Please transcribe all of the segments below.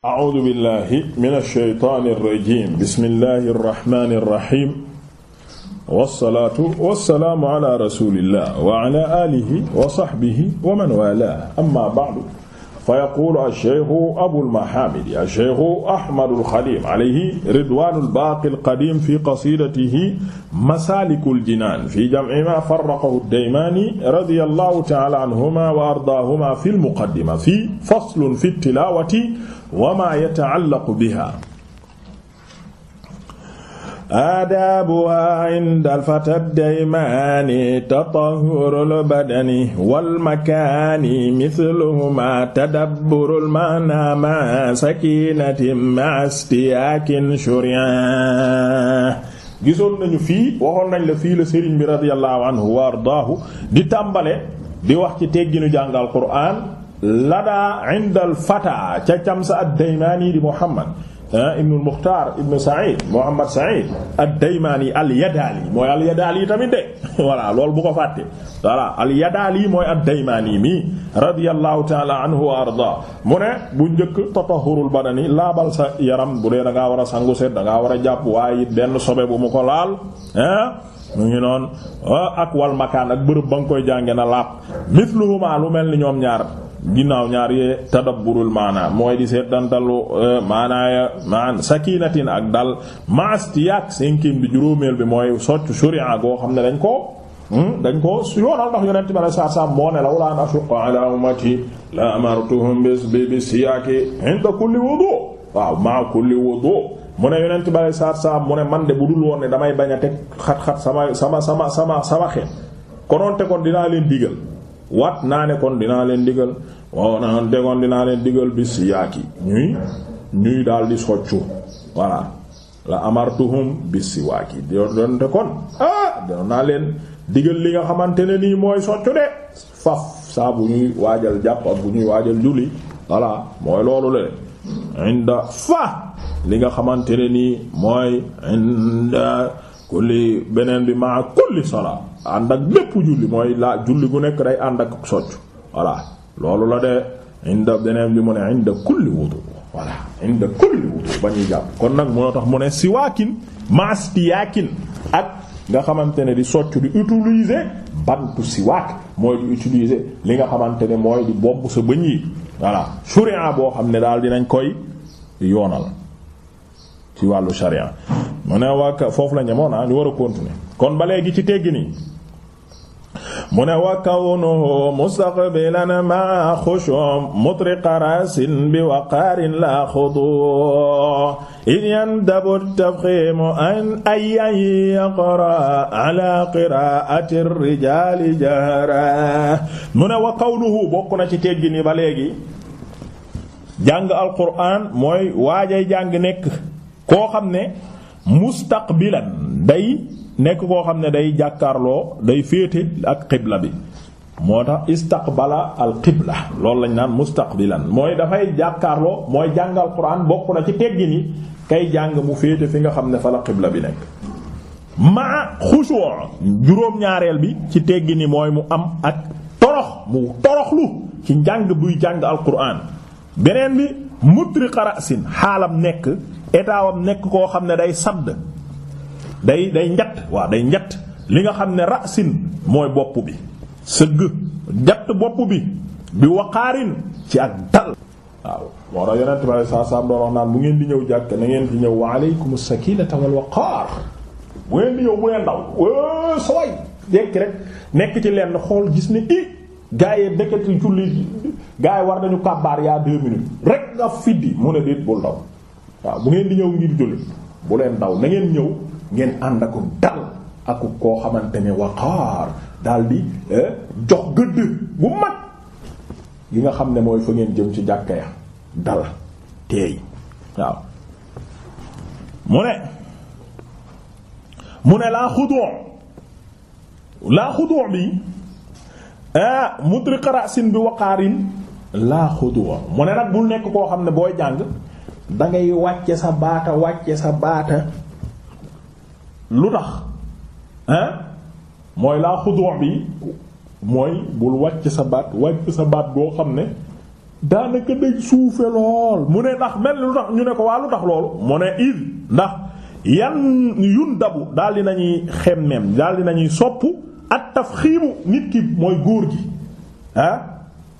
A'uuzu billaahi mina shaytaani rajiim bismillaahi rahmaani rahiim wassalaatu wassalaamu alaa rasuulillaah wa alaa aalihi wa sahbihi wa man waalaah ammaa ba'du fa yaqulu acheikhu abulmahamidi acheikhu ahmadulxadim alayhi ridwanulbaqi alqadim fi qasidatihi masalikul jinan fi jam'i ma farraqahu ad-daymani radiyallahu ta'ala anhuma wa ardaahuma fi al-muqaddima fi faslun fi at-tilawati wa ma yata'allaqu biha aadaabuha inda alfatab daymaani tatahurul badani wal makaani mithluhuma tadabburul maana ma sakinati ma astiyaakin shurian gisoon nañu fii waxoon nañ la fii la sëriñ bi radiyallahu anhu wa ardaahu di tàmbale di wax ci tegginu jàngal quraan ladaa inda alfataa ca camsa ad daymaani di muhammad ibnul mukhtar ibnu said muhammad said ad-daymaani al-yadaali mooy al tamit de voilà loolu bu ko fàtte voilà al-yadaali mooy ad-daymaani mi radiyallahu taala anhu wa arda mu ne bu njëkk tatahurul ni laabal sa yaram bu dee da ngaa war a sangu set da ngaa war a jàpp waaye it benn sobe bu mu ko laal ah mu ngi noonu ak wal makaan ak bërëb ba nga koy jànge na laab mithluhuma lu mel ni ñoom ñaar ginnaaw ñaar yee tadabburul maana mooy di seetantalu eh, maanaaya maan sakinatin ak dal maastiyaat cinquième bi juróomeel bi mooy soccu suri'a goo xam ne dañ ko hmm, dañ ko yoonal ndax yonent bi saa saa moo ne a an ashqa ala ummati la amartuhum bis bi bi siyaaki inda kulli wudu waaw maa kulli wudu mu ne yonent bi saa saa mu ne man de bu dul woon ne damay bañ a teg xat-xat sama sama sama sama sama xeet konoonte kon dinaa leen digal wat naa ne kon dinaa leen digal waaw naa ne kon dinaa leen diggal bi si yaaki ñuy ñuy daal di soccu voilà la amartuhum bi si waaki doonte kon ah, doon naa leen digal li nga xamante ne nii mooy soccu de faf saa bu ñuy waajal jàpp bu ñuy waajal julli voilà mooy loolu la de fa li nga xamante ne nii mooy inda kulli beneen bi maa kulli salaa ànd ak lépp julli mooy laa julli gu nekk rey ànd ak soccu voilà loolu la de inda beneen bi mu ne inda kulli wudu voilà inda kulli wudu ba ñuy jàpp kon nag moo tax mu ne siwaakin maastiyaakin ak nga xamante ne di soccu di utiliser bantu siwaak mooy di utiliser li nga xamante ne mooy di bobb sa bëñ yi voilà sharia boo xam ne daal dinañ koy yoonal ci wàllu sharia mu ne waa foofu la ñemoon ah ñu war a kon ba léegi ci teggi nii mu ne wa kawnuhu mustaqbilan ma xushum mutriqa rasin bi waqaarin la xudu in yandabu tafximu an ayyan yaqra ala qiraati rijaali jahra mu ne wa kawnuhu bokk ci teggi nii ba léegi jàng alquran mooy waajay jàng nekk koo xam ne mustaqbilan day nekk koo xam ne day jàkkaarloo day féete ak qibla bi moo tax istaqbala al qibla loolu lañ naan mustaqbilan mooy dafay jàkkaarloo mooy jàngal quran bokk na ci teggi yi kay jàng mu féete fi nga xam ne fa la qibla bi nekk maa xushu'a juróom-ñaareel bi ci teggin yi mooy mu am ak torox mu toroxlu ci njàng buy jàng al quran beneen bi mutriqa ra'sin xaalam nekk état nekk koo xam ne day sadd day day njatt waaw day njatt li nga xam ne rasin mooy bopp bi sëgg njatt bopp bi bi waqaarin ci ak dal waaw moo tax yonent bi saa saa doon naan bu ngeen di ñëw jàkk na ngeen di ñëw wa aleykum sakinata wal waqaar bu ngeen di ñëw bu leen daw saway dekk rek nekk ci lenn xool gis ne i gaa yi dëkkati war nañu kàbbaar yaa deux minutes rek nga fiddi mu ne déet bul daw waaw bu ngeen di ñëw ngir julli bu leen daw na ngeen ñëw ngeen ànd ak dal ak koo xamante ne waqaar daal di eh, jox gëdd bu mag gi nga xam ne mooy fa ngeen jëm ci jàkka ya dal teey waaw mu ne mu ne laa xudoo laa xudoo bi eh, mutriq ra'sin bi waqaarin laa xudoo mu ne nag bul nekk koo xam ne booy jàng dangay wàcce sa baata wàcce sa baata lu tax hein mooy laa xuddu bi mooy bul wàcce sa baat wàcce sa baat boo xam ne daanaka day suufe lool mu ne ndax mel lu tax ñu ne ko waa lu tax loolu mu ne id ndax yan yun dabu daal di nañuy xemmeem daal di nañuy sopp at taf xiimu nit ki mooy góor gi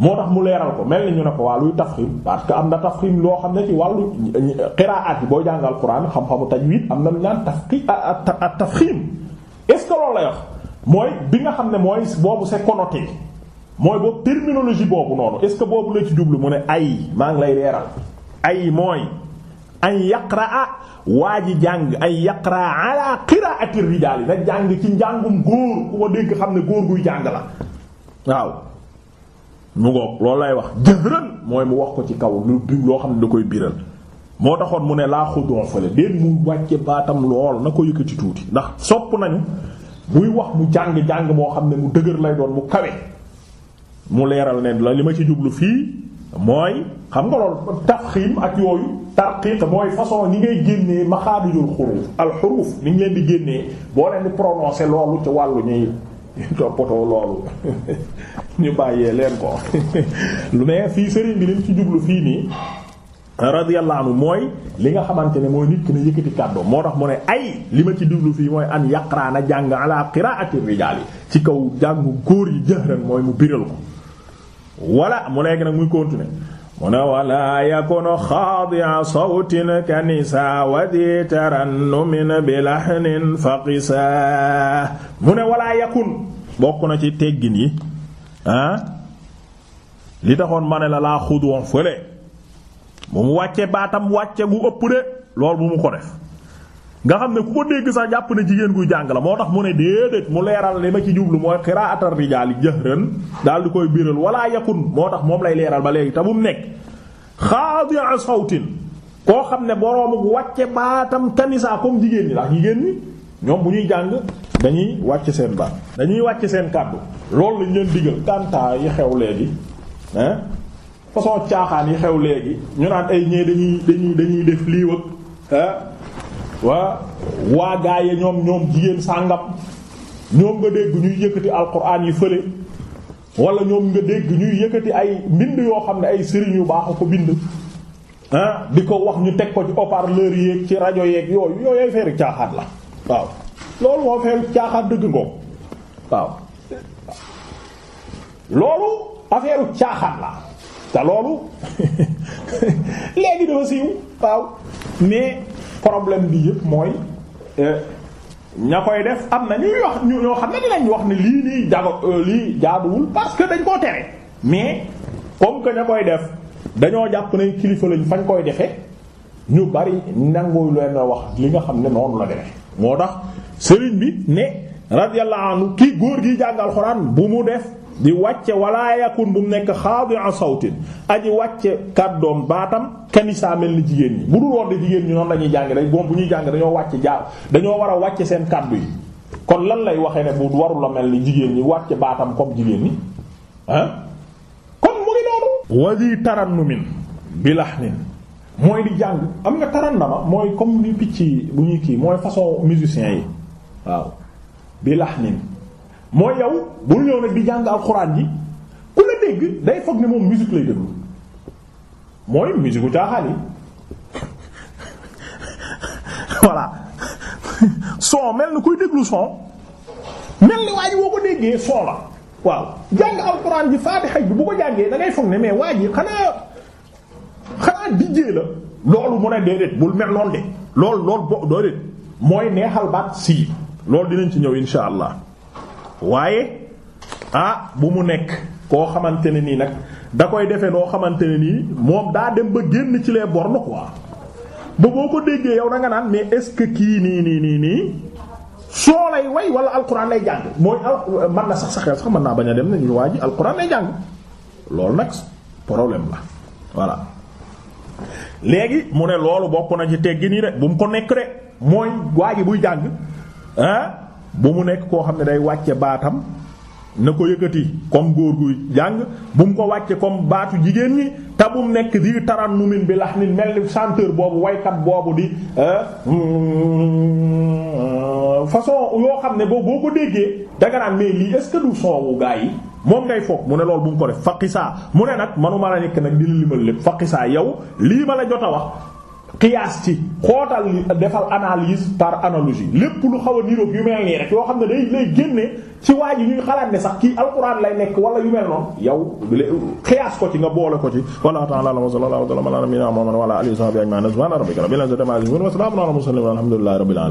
moo tax mu leeral ko mel ni ñu ne ko waa luy tafxim parce que am na tafxim loo xam ne ci wàllu qiraat yi boo jàngal Alxuraan xam-xamu tajwiid am na lu ñaan tafxim ak tafxim est-ce que loolu lay mooy bi nga xam ne mooy boobu c'est connoté mooy boobu terminologie boobu noonu est-ce que boobu la ci jublu mu ne ay maa ngi lay leeral ay mooy ay yaqraa waa ji jàng ay yaqraa ala qiraati rijaal yi na jàng ci njàngum góor ku ma dégg xam ne góor guy jàng la waaw mu ngoog loolu lay wax jëhran mooy mu wax ko ci kaw lu loo xam ne da koy biral moo taxoon mu ne laa xudon fale déet mu wàcce baatam lool na ko yëkkati tuuti ndax sopp nañu muy wax mu jàng-jàng moo xam ne mu dëgër lay doon mu kawe mu leeral ne la li ma ci jublu fii mooy xam nga loolu tafxiim ak yooyu tarqiq mooy façon ni ngay génnee maxaarijul xuruuf al xuruuf ni ngi leen di génnee boo leen di prononcer loolu ci wàllu ñuy toppatoo loolu ñu bàyyee leen ko lu ne fii sëriñ bi lim ci jublu fii nii radiyallahu anhu mooy li nga xamante ne mooy nit ki ne yëkkati kàddu moo tax mu ne ay li ma ci jublu fii mooy am yaqraana jàng ala qiraati rijaal yi ci kaw jàngu góor yi jahran mooy mu biral ko wala mu léegi nag muy continuer mu ne wala yakunu xaadia sawtin kanisa wadi tarannumin bi lahnin faqisa mu ne wala yakun bokk na ci teggin yi ah li taxoon ma ne la laa xudon fële bu mu wàccee baatam wàcce gu ëpp de loolu bu mu ko def nga xam ne ku ko dégg sax jàpp ne jigéen guy jàng la moo tax mu ne déedéet mu leeral li ma ci jublu mooy xiraatar rijaali jahran daal di koy biral wala yakun moo tax moom lay leeral ba léegi te bu mu nekk a sawtin koo xam ne boroomu wàcce baatam kanisaa comme jigéen ñi ndax jigéen ñi ñoom bu ñuy jàng dañuy wàcc seen baat dañuy wàcc seen kàddu loolu lañ leen digal kàntaa yi xew léegi hein façon caaxaan yi xew léegi ñu naan ay ñee dañuy dañuy dañuy def lii wëg waa waa gaaye ñoom ñoom jigéen sàngam ñoom nga dégg ñuy yëkkati alquran yi fële wala ñoom nga dégg ñuy yëkkati ay mbind yoo xam ne ay sëriñ yu baax ko bind ah di ko wax ñu teg ko ci haut-parleur ci rajo yeeg yooyu yooyu ay feeri caaxaan la waaw loolu moo fee caaxaan dëgg ngoom waaw loolu affaire caaxaan la te loolu léegi dafa siiw waaw mais problème bi yëpp mooy euh, ña koy def am na ñuy wax ñu ñoo xam ne lañuy wax ne lii nii jago euh, lii jaaduwul parce que dañ koo tere mais comme que ña koy def dañoo jàpp nañ kilifa lañ fañ koy defee ñu bari nangoo leen a wax li nga xam ne noonu la demee moo tax sëriñ bi ne radiyallahu anhu kii góor gi jàngal xuraan bu mu def di wàcce wala yakun bu mu nekk xaadi'a sawtin aji wàcce kàddoom baatam kanisaa mel ni jigéen ñi bu dul woon de jigéen ñi noonu la ñuy jàng rek moom bu ñuy jàng dañoo wàcce jaar dañoo war a wàcce seen kàddu yi kon lan lay waxee ne bu warul a mel ni jigéen ñi wàcce baatam comme jigéen ñi ah kon mu ngi noonu. wadi tarannum bilahnin mooy di jàng am nga tarannama mooy comme ni picc bu ñuy kii mooy façon musicien yi waaw bi lax nin mooy yow bul ñëw nag di jàng alxuraan ji ku la dégg day foog ne moom musique lay déglu mooy musique u caaxaan yi voilà son mel ni kuy déglu son mel ni waa boo ko déggee son la waaw jàng alxuraan ji faatiha bi bu ko jàngee da foog ne mais waa ji xanaa naan la loolu mu ne déedéet bul mel noonu de lool loolu bo déedéet mooy neexal baat sii loolu dinañ ci ñëw insha allah waaye ah bu mu nekk koo xamante ne nii nag da koy defee noo xamante ne nii moom daa dem ba génn ci les bornes quoi ba boo ko déggee yow da nga naan mais est-ce que kii nii nii nii nii soo lay way wala alquran lay jàng mooy man na sax saxel sax mën naa bañ a dem nañu waa ji alquran lay jàng loolu nag problème la voilà. léegi mu ne loolu bokk na ci teggi nii de bu mu ko nekk de mooy waa ji buy jàng ah bu mu nekk koo xam ne day wàcce baatam na ko yëkkati comme góor guy jàng bu mu ko wàcce comme baatu jigéen ñi te bu mu nekk di taraan tarannumin bi lax nit mel ni chanteur boobu woykat boobu di façon yoo xam ne boo ko déggee danga naan mais lii est du soowu gaa yi moom ngay foog mu ne loolu bu mu ko def faqisaa mu ne nag manuma la nekk nag di la limal lépp faqisaa yow lii ma la jot a wax qiyaas ci xootal li defal analyse par analogie lépp lu xaw a niroog yu mel nii rek yoo xam ne day lay génne ci waa ji ñuy xalaat ne sax kii alquran lay nekk wala yu mel noonu yow qiyaas ko ci nga boole ko ci wallahu ta'ala wa sallallahu wa sallama ala nabiyyina muhammad wa ala